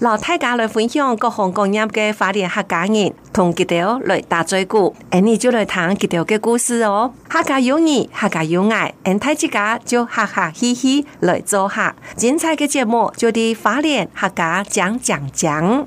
老太家來分享各行各業的花蓮客家人同佢條來打嘴鼓。安、欸、你就來談佢條的故事哦。客家有義，客家有愛，安呢大家就哈哈嘻嘻來做客，精彩的節目就啲花蓮客家講講講。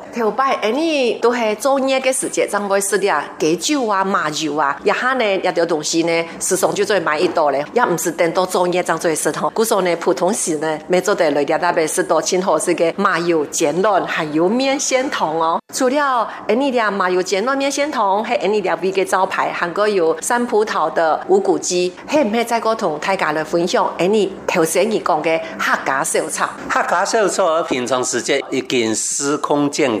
頭擺安尼都是做嘢嘅時節，怎個食啲啊？雞粥啊、麻油啊，一下呢一條東西呢，時上就做滿意多咧，也唔是等到做嘢先最食糖。古時候呢普通時呢，咪做得類啲，特別是多清河市嘅麻油煎卵，還有麵線湯哦。除了安尼啲麻油煎卵麵線湯，係呢啲嘅招牌，韓國有山葡萄的五穀雞，係唔係再個同大家來分享？安尼頭先你講嘅客家小炒，客家小炒而平常時間已經司空見。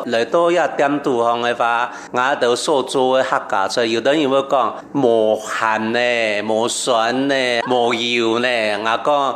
來到一點度，咁的話，我哋所做嘅客家菜，有的人會講無鹹呢、無酸呢、無油呢，我講。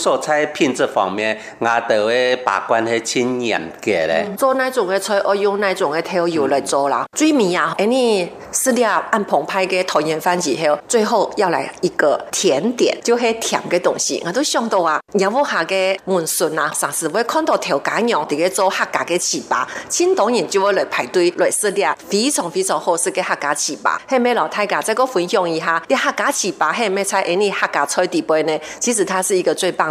蔬菜品質方面，阿豆誒把關係真嚴格咧。做哪種的菜，我用哪種的調料來做啦。嗯、水面啊，誒你，食料按澎湃嘅團圓飯之後，最後要來一個甜點，就係甜的東西。我都想到啊，下午下嘅門順啊，上次會看到條街樣，大個做客家的糍粑，青島人就會來排隊來食啲非常非常好食的客家糍粑。下面老太家再給我分享一下，啲、這個、客家糍粑係咩菜？誒你客家菜底杯呢？其實它是一個最棒的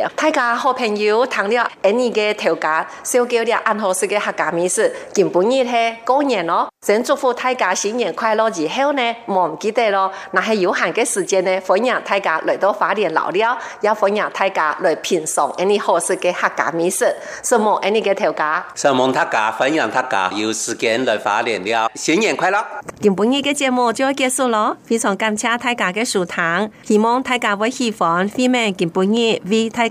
大家好朋友談了呢啲嘅條件，燒嘅啲任何食嘅客家美食，今半夜係過年咯，先祝福大家新年快樂。然後呢，忘記得咯，那係有限嘅時間呢，歡迎大家嚟到花蓮留了，也歡迎大家嚟品嘗呢啲合適客家美食，什麼什麼家，歡迎家，有時間來花蓮了，新年快樂。今本的節目就結束了，非常感謝大家收聽，希望大家會喜歡，今大家。